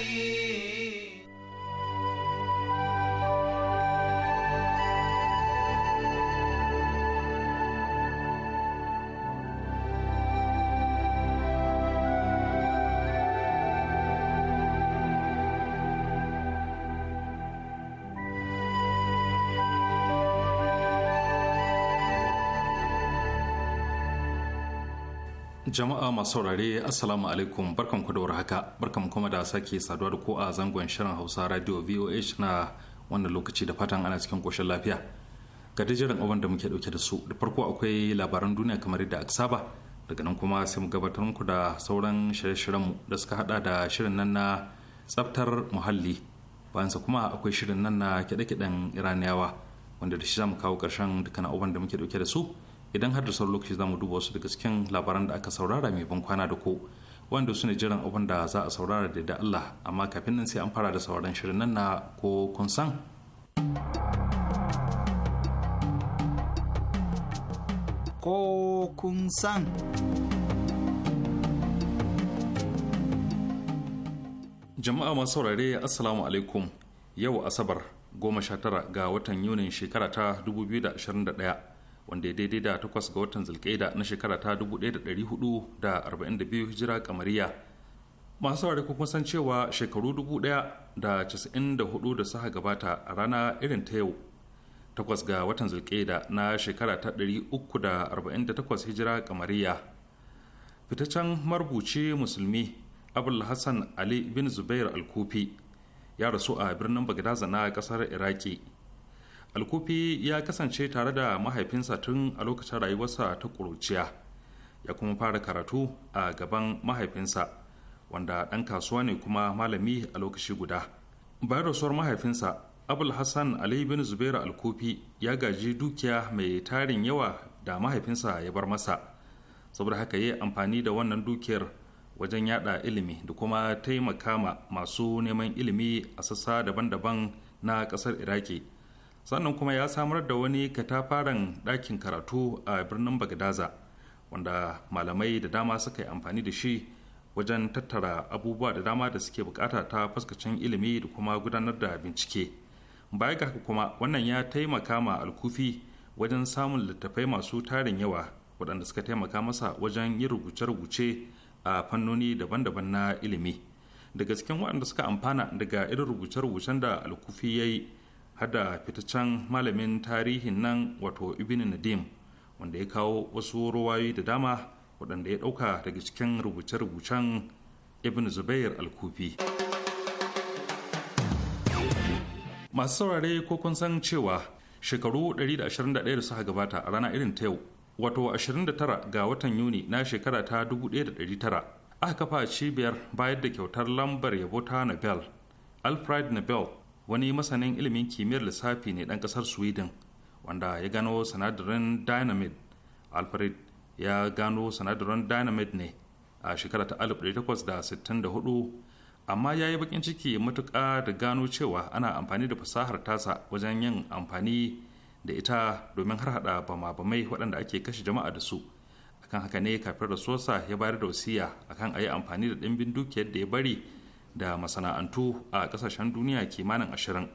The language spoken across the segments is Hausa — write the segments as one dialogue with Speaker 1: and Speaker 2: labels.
Speaker 1: عليم
Speaker 2: Jama'a masu saurare Assalamu alaikum barkan ku da warhaka barkan kuma da sake saduwa da ko a zangon shirin Hausa Radio VOH na wannan lokaci da fatan ana cikin koshin lafiya. Ga dijiran abin da muke dauke da su da farko akwai labaran duniya kamar yadda aka saba daga nan kuma sai mu gabatar muku da sauran shirye-shiryen mu da suka hada da shirin nan na tsaftar muhalli bayansa kuma akwai shirin nan na kiɗe-kiɗen Iraniyawa wanda da shi za mu kawo ƙarshen dukkan abin da muke dauke da su. idan har da sauran lokaci za mu duba wasu daga cikin labaran da aka saurara mai ban kwana da ku wanda su ne jiran abin da za a saurara da da Allah amma kafin nan sai an fara da sauran shirin nan na ko kun san.
Speaker 3: Ko kun san.
Speaker 2: Jama'a masu saurare Assalamu alaikum yau Asabar goma sha tara ga watan Yunin shekara ta 2021 wanda ya daidai da 8 ga watan zulkaida na shekara ta 1442 hijira kamariya masu saurari kuma san cewa shekaru 1094 da suka gabata a rana irin ta yau 8 ga watan zulkaida na shekara ta 348 hijira kamariya fitaccen marubuci musulmi abul hassan ali bin zubair al-kufi ya rasu a birnin bagdaza na kasar iraki alkufi ya kasance tare da mahaifinsa tun a lokacin rayuwarsa ta ƙuruciya ya kuma fara karatu a gaban mahaifinsa wanda ɗan kasuwa ne kuma malami a lokaci guda bayan rasuwar mahaifinsa abul hassan ali bin zubairu alkufi ya gaji dukiya mai tarin yawa da mahaifinsa ya bar masa saboda haka ya yi amfani da wannan dukiyar wajen yada ilimi da kuma taimaka ma masu neman ilimi a sassa daban-daban na ƙasar iraki sannan kuma ya samar da wani katafaren ɗakin karatu a birnin bagdaza wanda malamai da dama suka yi amfani da shi wajen tattara abubuwa da dama da suke bukata ta fuskacin ilimi da kuma gudanar da bincike baya ga haka kuma wannan ya taimaka ma alkufi wajen samun littattafai masu tarin yawa waɗanda suka taimaka masa wajen yin rubuce-rubuce a fannoni daban-daban na ilimi daga cikin waɗanda suka amfana daga irin rubuce-rubucen da alkufi ya yi hada fitaccen malamin tarihin nan wato ibn nadim wanda ya kawo wasu ruwayoyi da dama waɗanda ya ɗauka daga cikin rubuce-rubucen ibn zubair al-kufi masu saurare ko kun san cewa shekaru 121 da suka gabata a rana irin ta yau wato 29 ga watan yuni na shekara ta 1900 aka kafa cibiyar bayar da kyautar lambar yabo ta nobel alfred nobel wani masanin ilimin kimiyyar lissafi ne dan kasar sweden wanda ya gano sinadarin dynamite alfred ya gano sinadarin dynamite ne a shekara ta 1864 amma ya yi bakin ciki matuka da gano cewa ana amfani da fasahar tasa wajen yin amfani da ita domin har hada bama-bamai waɗanda ake kashe jama'a da su akan haka ne kafin rasuwarsa ya bayar da wasiya akan a yi amfani da ɗimbin dukiyar da ya bari da masana'antu a kasashen duniya kimanin ashirin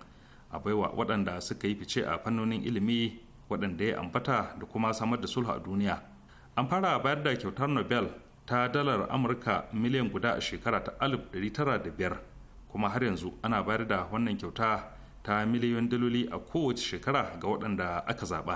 Speaker 2: a baiwa waɗanda suka yi fice a fannonin ilimi waɗanda ya ambata da kuma samar da sulhu a duniya an fara bayar da kyautar nobel ta dalar amurka miliyan guda a shekara ta alif tara da biyar kuma har yanzu ana bayar da wannan kyauta ta miliyoyin daloli a kowace shekara ga waɗanda aka zaɓa.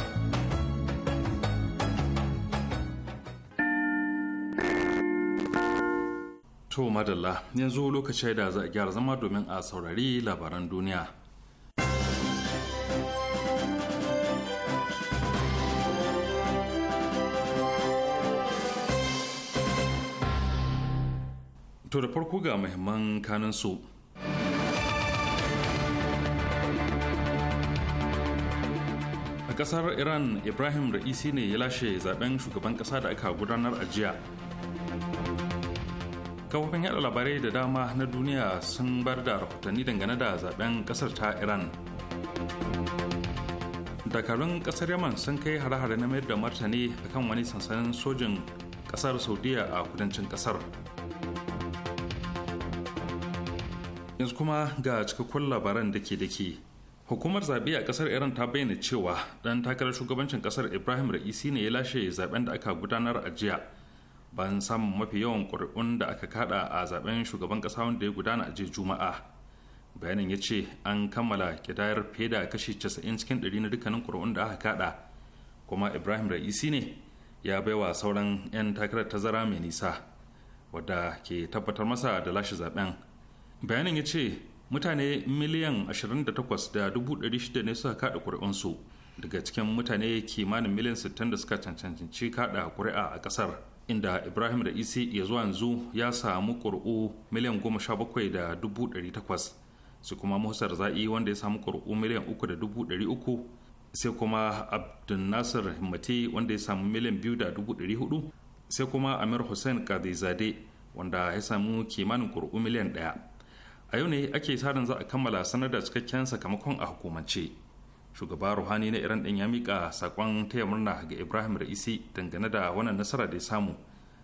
Speaker 2: To madalla yanzu lokaci da za a gyara zama domin a saurari labaran duniya. To da farko ga muhimman kanin su. A kasar Iran Ibrahim Ra'isi ne ya lashe zaben shugaban kasa da aka gudanar a jiya. kafofin yada labarai da dama na duniya sun bar da rahotanni dangane da zaben kasar ta iran dakarun kasar yaman sun kai hare-hare na mayar da martani akan wani sansanin sojin kasar saudiya a kudancin kasar yanzu kuma ga cikakkun labaran da ke da hukumar zaɓe a ƙasar iran ta bayyana cewa ɗan takarar shugabancin ƙasar ibrahim ra'isi ne ya lashe zaben da aka gudanar a jiya Ban samun mafi yawan ƙuri'un da aka kada a zaben shugaban ƙasa wanda ya gudana a juma'a bayanin ya ce an kammala kidayar fiye da kashi 90 cikin 100 na dukkanin ƙuri'un da aka kada kuma ibrahim ra'isi ne ya baiwa sauran 'yan takarar tazara mai nisa wadda ke tabbatar masa da lashe zaben bayanin ya ce mutane miliyan 28,600 ne suka kada ƙuri'unsu daga cikin mutane kimanin miliyan 60 da suka cancanci kada ƙuri'a a ƙasar inda ibrahim da isi ya zuwa yanzu ya samu ƙuri'u miliyan goma sha bakwai da dubu ɗari takwas sai kuma muhsar za'i wanda ya samu ƙuri'u miliyan uku da dubu ɗari uku sai kuma abdunnasir himmati wanda ya samu miliyan biyu da dubu ɗari hudu sai kuma amir hussein kadizade wanda ya samu kimanin ƙuri'u miliyan ɗaya a yau ne ake tarin za a kammala sanar da cikakken sakamakon a hukumance shugaba ruhani na iran din ya mika sakon taya murna ga ibrahim ra'isi dangane da wannan nasara da ya samu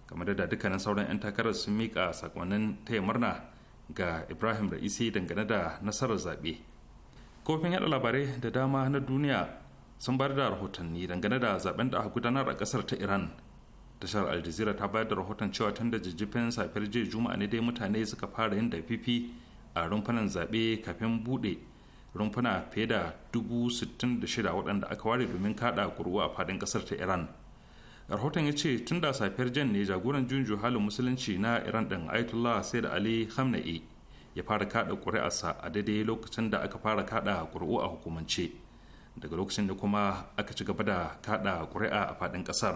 Speaker 2: kamar da dukkanin sauran 'yan takarar sun mika sakonnin taya murna ga ibrahim ra'isi dangane da nasarar zaɓe kofin yada labarai da dama na duniya sun bayar da rahotanni dangane da zaben da aka gudanar a kasar ta iran tashar jazeera ta bayar da rahoton cewa tun da jijjifin safiyar jiya juma'a ne dai mutane suka fara yin dafifi a rumfunan zaɓe kafin buɗe rumfuna fiye da 66,000 waɗanda aka ware domin kaɗa kurwa a faɗin ƙasar ta iran rahoton ya ce tun da safiyar jan ne jagoran junju halin musulunci na iran ɗin ayatollah da ali khamenei ya fara kada ƙuri'arsa a daidai lokacin da aka fara kada ƙuri'u a hukumance daga lokacin da kuma aka ci gaba da kada ƙuri'a a faɗin ƙasar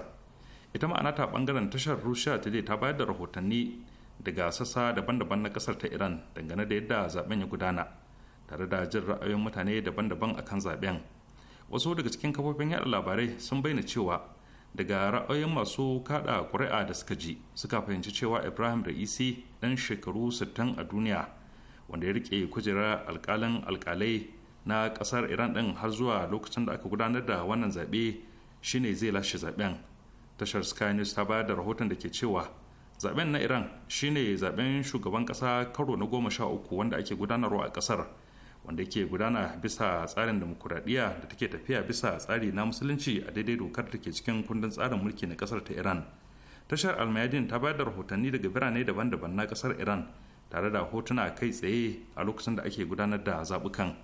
Speaker 2: ita ma'ana ta ɓangaren tashar rusha ta ta bayar da rahotanni daga sassa daban-daban na ƙasar ta iran dangane da yadda zaben ya gudana tare da jin ra'ayoyin mutane daban-daban akan zaben wasu daga cikin kafofin yada labarai sun bayyana cewa daga ra'ayoyin masu kada ƙuri'a da suka ji suka fahimci cewa ibrahim da isi dan shekaru 60 a duniya wanda ya rike kujerar alkalin alkalai na ƙasar iran din har zuwa lokacin da aka gudanar da wannan zaɓe shine zai lashe zaben tashar sky news ta bayar da rahoton da ke cewa zaben na iran shine zaben shugaban ƙasa karo na goma sha uku wanda ake gudanarwa a ƙasar. wanda ke gudana bisa tsarin demokuraɗiyya da take tafiya bisa tsari na musulunci a daidai dokar da ke cikin kundin tsarin mulki na kasar ta iran tashar almayadin ta bayar da rahotanni daga birane daban-daban na kasar iran tare da hotuna kai tsaye a lokacin da ake gudanar da zabukan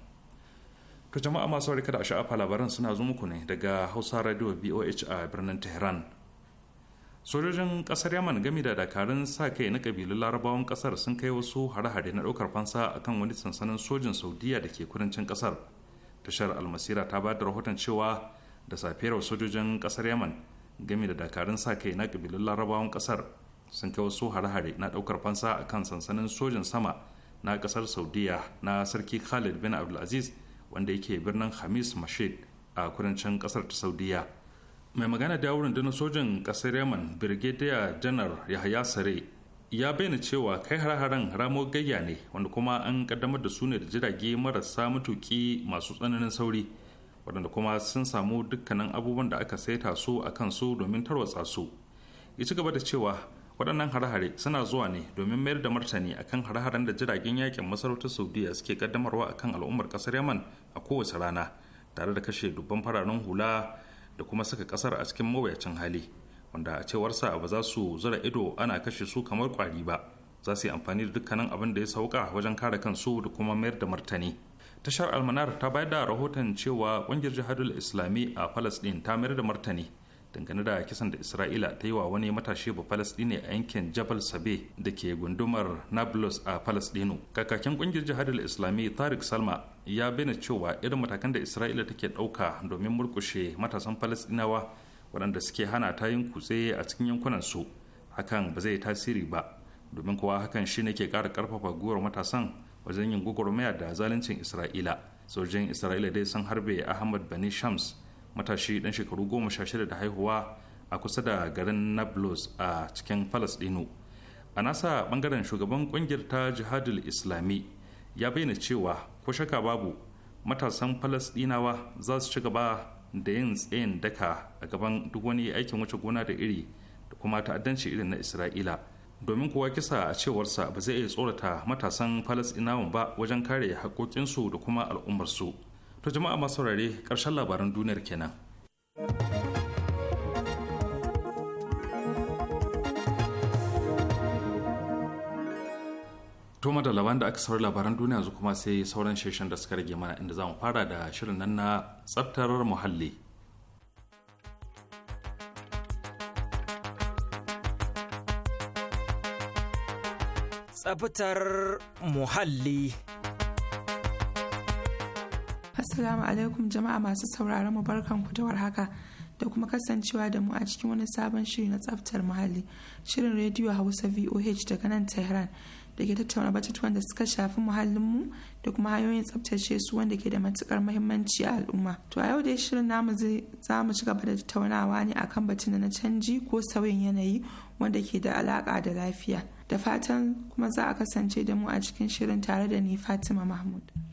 Speaker 2: to jama'a masu kada da sha'afa labaran suna zo ne daga hausa radio boh a birnin tehran sojojin kasar yaman game da dakarun sa kai na kabilun larabawan kasar sun kai wasu hare-hare na daukar fansa akan wani sansanin sojin saudiya da ke kudancin kasar tashar almasira ta ba da rahoton cewa da safiyar sojojin kasar yaman game da dakarun sa kai na kabilun larabawan kasar sun kai wasu hare-hare na daukar fansa akan sansanin sojin sama na kasar saudiya na sarki khalid bin abdulaziz wanda yake birnin hamis mashid a kudancin kasar ta saudiya mai magana da dana sojan ƙasar yaman birgediya janar yahaya sare ya bayyana cewa kai har ramo gayya ne wanda kuma an kaddamar da su ne da jirage marasa matuki masu tsananin sauri waɗanda kuma sun samu dukkanin abubuwan da aka saita su a su domin tarwatsa su ya ci gaba da cewa waɗannan harahare suna zuwa ne domin mayar da martani akan hare-haren da jiragen yakin masarautar saudiya suke kaddamarwa akan al'ummar ƙasar yaman a kowace rana tare da kashe dubban fararen hula da kuma saka kasar a cikin mawuyacin hali wanda a cewar sa ba za su zura ido ana kashe su kamar kwari ba za su yi amfani da dukkanin abin da ya sauka wajen kare kansu da kuma mayar da martani tashar almanar ta bayar da rahoton cewa kungiyar jihadul islami a palestine ta mayar da martani dangane da kisan da isra'ila ta yi wa wani matashi ba falasdini a yankin jabal sabe da ke gundumar nablus a falasdino kakakin kungiyar jihadar islami tariq salma ya bayyana cewa irin matakan da isra'ila take ɗauka domin murkushe matasan palestinawa waɗanda suke hana ta yin kutse a cikin yankunan su hakan ba zai tasiri ba domin kowa hakan shine ne ke ƙara ƙarfafa gwiwar matasan wajen yin gwagwarmaya da zaluncin isra'ila sojin isra'ila dai sun harbe ahmad bani shams matashi dan shekaru goma sha shida da haihuwa a kusa da garin nablus a cikin dino a nasa bangaren shugaban kungiyar ta jihadul islami ya bayyana cewa ko shaka babu matasan dinawa za su ci gaba da yin tsayin daka a gaban duk wani aikin wuce gona da iri da kuma ta'addanci irin na isra'ila domin kuwa kisa a cewarsa ba zai iya tsorata matasan dinawa ba wajen kare haƙoƙinsu da kuma al'ummarsu To jama'a masu saurare ƙarshen labaran duniyar kenan. Toma da labaran da aka saurari labaran duniya zu kuma sai sauran sheshen da suka rage mana inda za mu fara da shirin nan na tsaftar muhalli.
Speaker 4: Tsaftar muhalli.
Speaker 5: Assalamu alaikum jama'a masu sauraron mu ku da warhaka da kuma kasancewa da mu a cikin wani sabon shiri na tsaftar muhalli shirin rediyo Hausa VOH daga nan Tehran da ke tattauna batutuwan da suka shafi muhallinmu da kuma hanyoyin tsaftace su wanda ke da matukar muhimmanci a al'umma. To a yau dai shirin namu za mu ci gaba da tattaunawa ne akan batun na canji ko sauyin yanayi wanda ke da alaka da lafiya. Da fatan kuma za a kasance da mu a cikin shirin tare da ni Fatima Mahmud.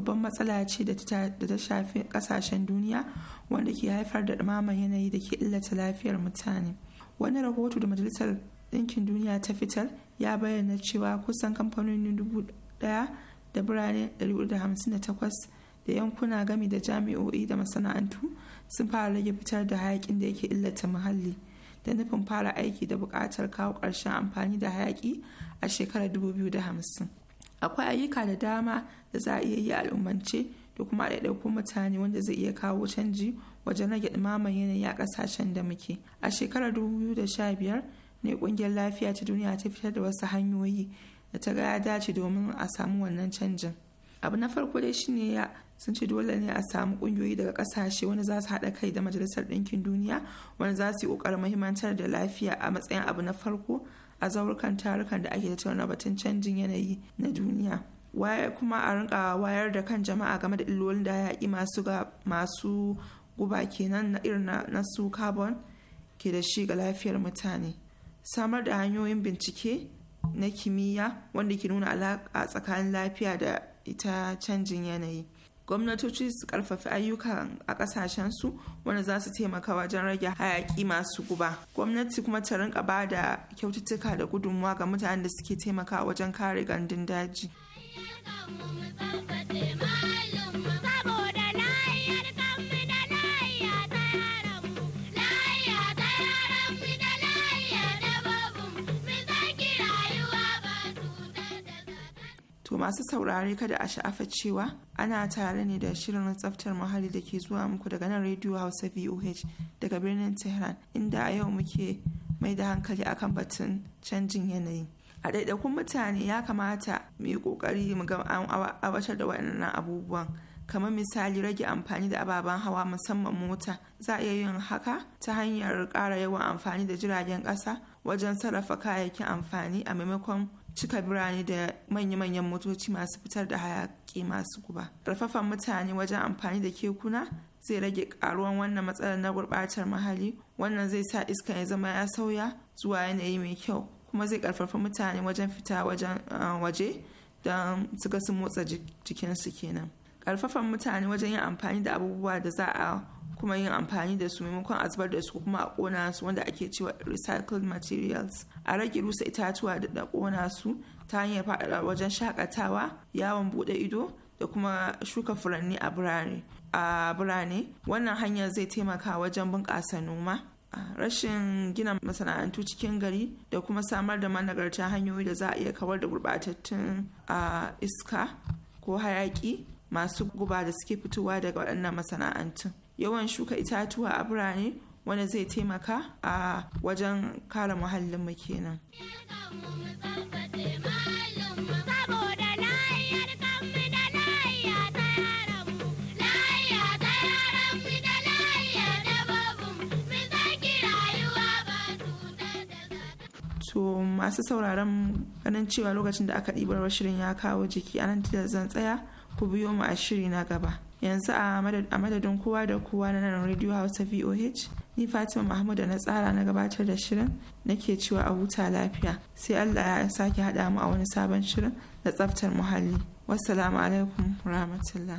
Speaker 5: babban matsala ce da ta shafi kasashen duniya wanda ke haifar da ɗumaman yanayi da ke illata lafiyar mutane wani rahoto da majalisar ɗinkin duniya ta fitar ya bayyana cewa kusan kamfanoni dubu ɗaya da birane 158 da yankuna gami da jami'o'i da masana'antu sun fara rage fitar da hayakin da yake illata muhalli da nufin fara aiki da buƙatar kawo ƙarshen amfani da hayaki a shekarar 2050 akwai ayyuka da dama da za a iya yi al'ummance da kuma a ɗaiɗaikun mutane wanda zai iya kawo canji wajen rage ɗumamar yanayi a ƙasashen da muke a shekarar 2015 ne ƙungiyar lafiya ta duniya ta fitar da wasu hanyoyi da ta gaya dace domin a samu wannan canjin abu na farko dai shine ya sun ce dole ne a samu ƙungiyoyi daga ƙasashe wanda za su haɗa kai da majalisar ɗinkin duniya wanda za su yi ƙoƙarin muhimmantar da lafiya a matsayin abu na farko a zaurukan tarukan da ake tattauna batun canjin yanayi na duniya waye kuma a rinka wayar da kan jama'a game da illolin da yaƙi masu ga masu guba kenan na irin na su carbon ke da shi ga lafiyar mutane samar da hanyoyin bincike na kimiyya wanda ke nuna alaƙa tsakanin lafiya da ita canjin yanayi gwamnatoci su karfafi ayyukan a kasashen su wanda za su taimaka wajen rage hayaki masu guba gwamnati kuma ta rinka ba da kyaututtuka da gudunmuwa ga mutanen da suke taimaka wajen kare gandun daji. masu saurare kada a sha'afa cewa ana tare ne da shirin tsaftar muhalli da ke zuwa muku daga nan Radio Hausa VOH daga birnin Tehran inda a yau muke mai da hankali akan batun canjin yanayi. A ɗaiɗaikun mutane ya kamata mu yi ƙoƙari mu ga an awatar da waɗannan abubuwan. kamar misali rage amfani da ababen hawa musamman mota za a iya yin haka ta hanyar ƙara yawan amfani da jiragen ƙasa wajen sarrafa kayayyakin amfani a maimakon cika birane da manya-manyan motoci masu fitar da hayaki masu guba rafafan mutane wajen amfani da kekuna zai rage karuwan wannan matsalar na gurbatar muhalli wannan zai sa iska ya zama ya sauya zuwa yanayi mai kyau kuma zai karfafa mutane wajen fita eh, waje don su ga su motsa jikinsu kenan karfafan mutane wajen yin amfani da abubuwa da za a kuma yin amfani da su maimakon a zubar da su kuma a kona su wanda ake cewa recycled materials a rage rusa itatuwa da da kona su ta hanyar faɗaɗa wajen shakatawa yawon buɗe ido da kuma shuka furanni a birane a birane wannan hanyar zai taimaka wajen bunƙasa noma rashin gina masana'antu cikin gari da kuma samar da managarta hanyoyi da za a iya kawar da gurɓatattun iska ko hayaƙi masu guba da suke fitowa daga waɗannan masana'antun yawan shuka itatuwa a birane wanda zai taimaka a wajen kare muhallinmu kenan. to masu sauraron ganin cewa lokacin da aka ɗibar shirin ya kawo jiki anan da zan tsaya ku biyo mu a shiri na gaba. yanzu a madadin kowa da kowa na nan radio hausa voh ni fatima mahmud na tsara na gabatar da shirin nake cewa a huta lafiya sai allah ya sake haɗa mu a wani sabon shirin da tsaftar muhalli wassalamu alaikum rahmatullah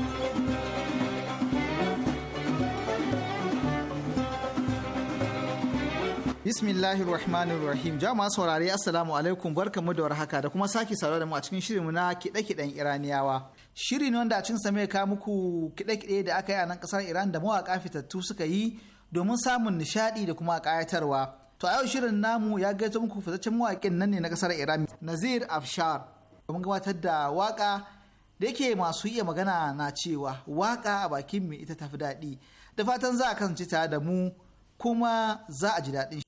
Speaker 3: Bismillahir Rahmanir Rahim. Jama'a saurari. Assalamu alaikum barkamu da warhaka da kuma sake saurare da mu a cikin shirinmu na kiɗe-kiɗen Iraniyawa. Shiri ne wanda a cikin same ka muku kiɗe-kiɗe da aka yi a nan ƙasar Iran da mawaƙa fitattu suka yi domin samun nishaɗi da kuma ƙayatarwa. To a yau shirin namu ya gaito muku fitaccen mawaƙin nan ne na ƙasar Iran Nazir Afshar domin gabatar da waƙa da yake masu iya magana na cewa waƙa a bakin mu ita tafi daɗi. Da fatan za a kasance tare da mu kuma za a ji daɗin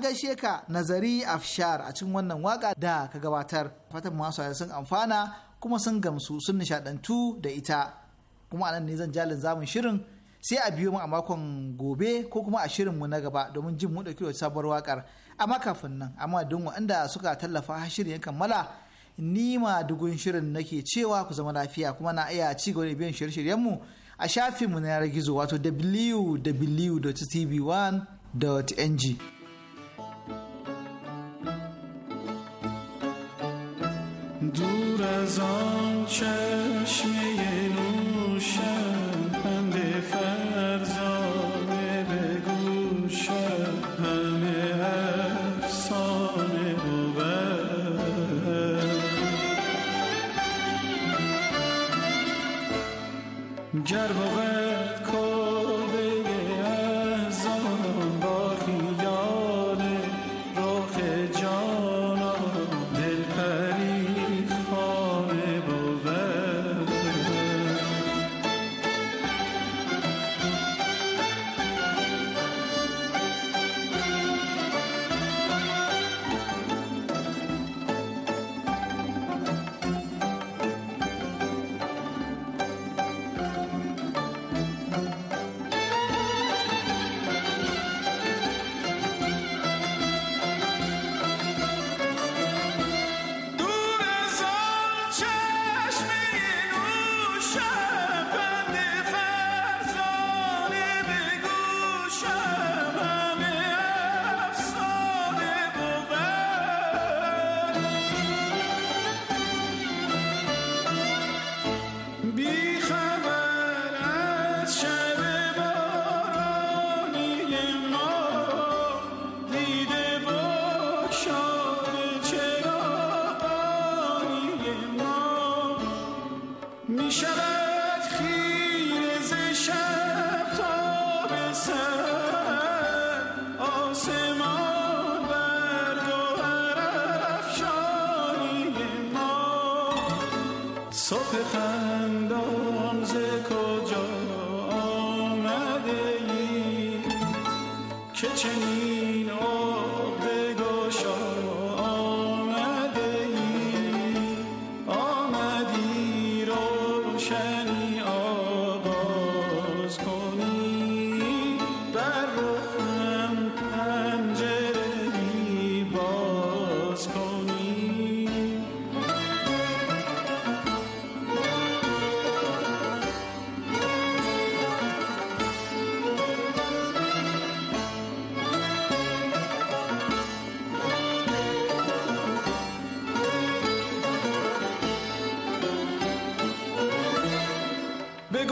Speaker 3: gaishe ka nazari afshar a cikin wannan waka da ka gabatar fatan masu sun amfana kuma sun gamsu sun nishadantu da ita kuma anan ne zan jalin zamun shirin sai a biyo mu a makon gobe ko kuma a shirin mu na gaba domin jin mu dauki sabuwar wakar amma kafin nan amma don waɗanda suka tallafa shirin yankan mala ni ma dugun shirin nake cewa ku zama lafiya kuma na iya ci gaba da biyan shirye-shiryen mu a shafinmu na yanar gizo wato www.tv1.ng از
Speaker 6: آن چشمه نوشم پند فرزانه به گوشم همه افسانه بود گر بود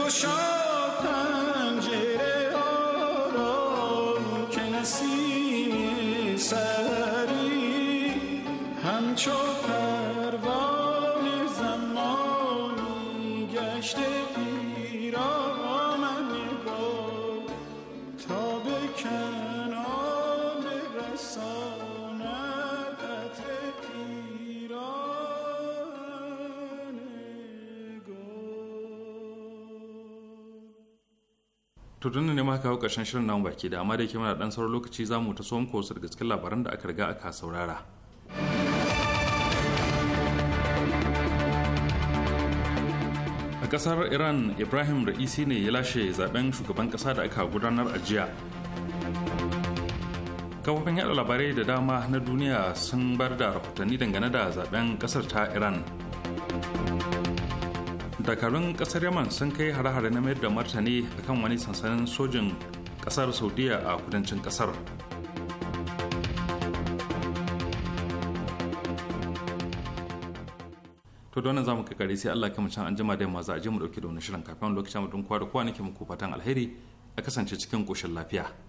Speaker 6: show.
Speaker 2: to tunda ne maka kawo karshen shirin namu baki da amma da yake muna dan sauran lokaci za mu ta so muku wasu daga cikin labaran da aka riga aka saurara a kasar iran ibrahim ra'isi ne ya lashe zaben shugaban kasa da aka gudanar a jiya kafofin yada labarai da dama na duniya sun bar da rahotanni dangane da zaben kasar ta iran dakarun kasar yaman sun kai hare-hare na mayar da martani akan wani sansanin sojin kasar saudiya a kudancin kasar to donan zamu kare sai Allah kama can anjima da yamma za a je mu dauki da wani shirin kafin lokacin mutum kwa da kwa nake muku fatan alheri a kasance cikin koshin lafiya